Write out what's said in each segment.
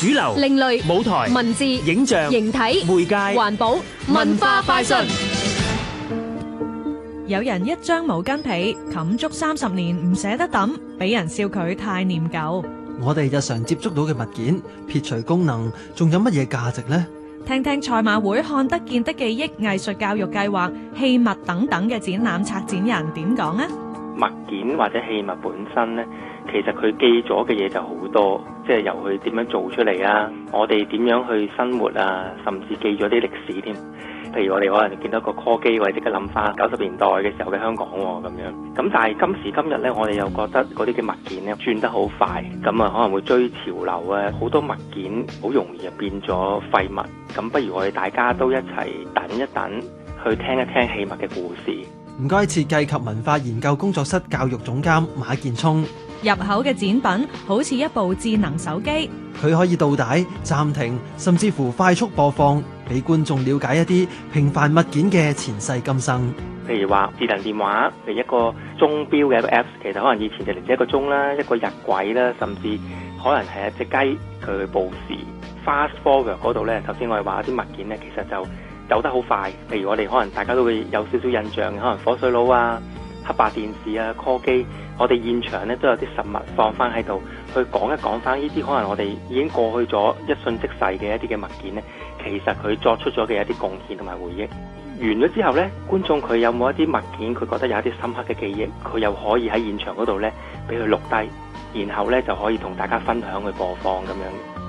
主流、另類、舞台、文字、影像、形體、媒介、環保、文化快訊。有人一張毛巾被冚足三十年，唔捨得抌，俾人笑佢太念舊。我哋日常接觸到嘅物件，撇除功能，仲有乜嘢價值呢？聽聽賽馬會看得見的記憶藝術教育計劃器物等等嘅展覽策展人點講啊？物件或者器物本身呢，其實佢記咗嘅嘢就好多，即係由佢點樣做出嚟啊，我哋點樣去生活啊，甚至記咗啲歷史添。譬如我哋可能見到個 call 機，即刻諗翻九十年代嘅時候嘅香港喎，咁樣。咁但係今時今日呢，我哋又覺得嗰啲嘅物件呢轉得好快，咁啊可能會追潮流啊，好多物件好容易就變咗廢物。咁不如我哋大家都一齊等一等，去聽一聽器物嘅故事。唔該，設計及文化研究工作室教育總監馬建聰，入口嘅展品好似一部智能手機，佢可以倒帶、暫停，甚至乎快速播放，俾觀眾了解一啲平凡物件嘅前世今生。譬如話智能電話，譬如一個鐘表嘅 apps，其實可能以前就連一個鐘啦，一個日晷啦，甚至可能係一隻雞佢去報時。Fast forward 嗰度咧，頭先我哋話啲物件咧，其實就。走得好快，譬如我哋可能大家都會有少少印象，可能火水佬啊、黑白電視啊、call 機，我哋現場咧都有啲實物放翻喺度，去講一講，翻呢啲可能我哋已經過去咗一瞬即逝嘅一啲嘅物件咧，其實佢作出咗嘅一啲貢獻同埋回憶。完咗之後咧，觀眾佢有冇一啲物件佢覺得有一啲深刻嘅記憶，佢又可以喺現場嗰度咧俾佢錄低，然後咧就可以同大家分享去播放咁樣。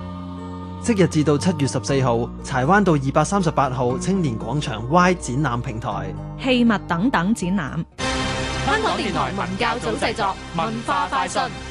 即日至到七月十四號，柴灣道二百三十八號青年廣場 Y 展覽平台，器物等等展覽。香港電台文教組製作，文化快訊。